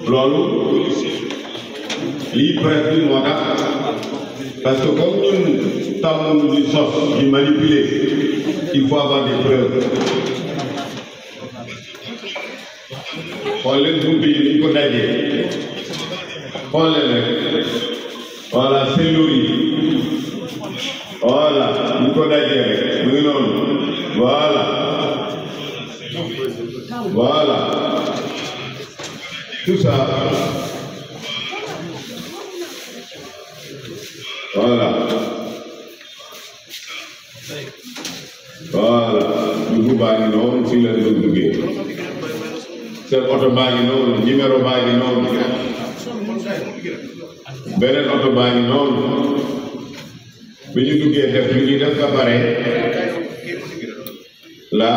lolu li presse mo da parce que comme ñun tamu ñu di sos di manipuler il faut avoir des preuves xol le dubbi ni ko dajé xol le rek wala selouri wala ni ko dajé rek ñu non wala wala voilà. Sasa wala wala dugub baa ngi noonu fii la doon duggee seen oto baa ngi noonu numéro baa ngi noonu beneen oto baa ngi noonu bi ñu duggee def li ñuy def ba pare la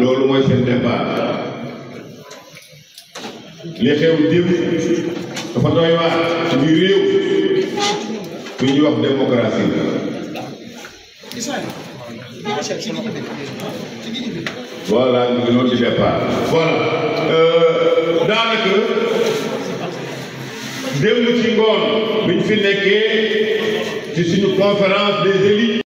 loolu mooy seen départ li xew démb dafa doy waar ñu réew bu ñuy wax démocratie voilà ñu ngi noonu di départ voilà euh, daanaka démb ci ngoon bi ñu fi nekkee ci suñu conférence des élites